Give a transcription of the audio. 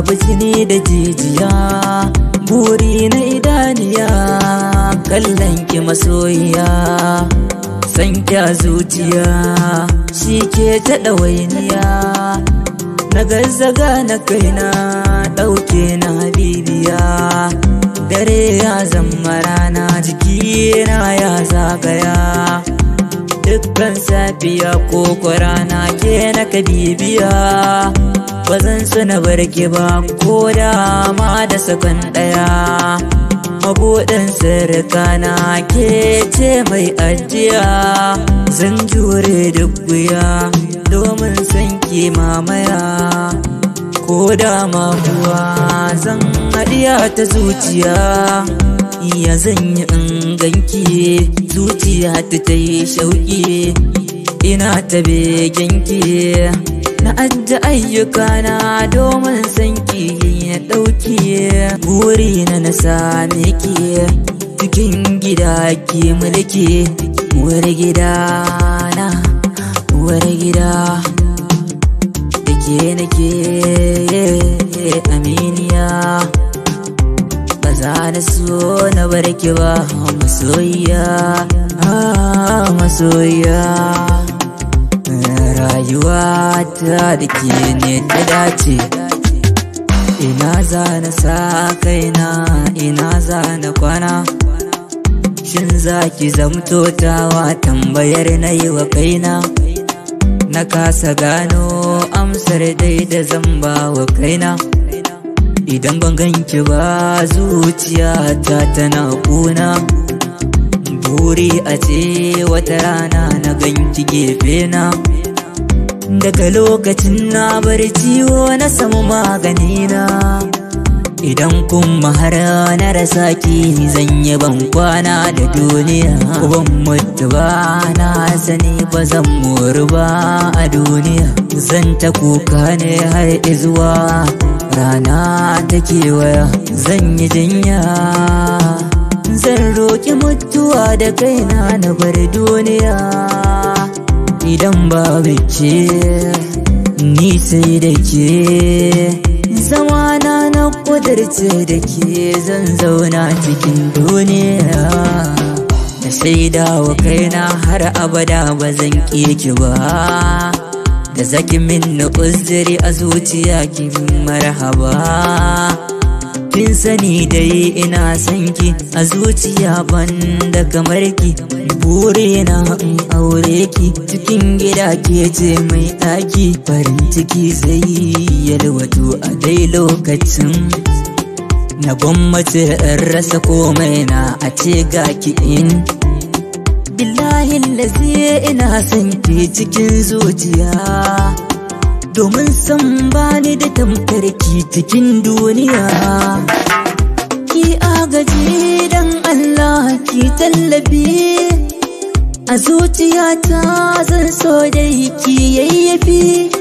raba jini da jijiya buri na idaniya kallon ki masoyiya san kya zuciya shi ke ta ɗawainiya na gazzaga na kaina ɗauke na habibiya dare ya zama rana jiki na ya zagaya dukkan safiya ko rana ke na kabibiya ba zan suna barki ba ko da ma da sakan ɗaya mabuɗin na ke ce mai ajiya zan jure duk wuya domin san ki mamaya ko da kuwa zan haɗiya ta zuciya iya zan yi inganki ganki zuciya ta ta yi shauƙi ina ta begenki na ajji ayyukana domin sanki na ɗauki guri na na same ki cikin gida ki mulki war gida na war gida da ke nake aminiya ba za na so na barki ba masoyiya ah, masoyiya rayuwa ta da ke ne ta dace ina za na sa kaina ina za na kwana shin za ki zamto wa tambayar na yi wa kaina na kasa gano amsar dai da zan wa kaina idan ban ganki ba zuciyata tana kuna buri a ce wata rana na ganki gefe na daga lokacin na bar ciwo na samu maganina idan kun mahara na rasa ki zan yi ban kwana da duniya ban mutu ba na sani ba zan moru ba a duniya zan ta kuka ne har izuwa rana ta kewaya zan yi jinya zan roƙi mutuwa da kaina na bar duniya idan babu ce ni sai da ke zamana na kudarce da ke zan zauna cikin duniya na da wa kaina har abada ba zan ki ba da zaki min na uzuri a zuciya ki marhaba kin sani dai ina son ki a zuciya ban da kamar ki na in aure ki cikin gida ke ce mai ɗaki farin ciki zai yalwato a dai lokacin na gwammace in rasa komai na a ce ga ki in billahi lazi ina son cikin zuciya domin san bani da tamkarki cikin duniya ki agaji dan Allah ki tallafi a zuciyata zan so da ki yayyafi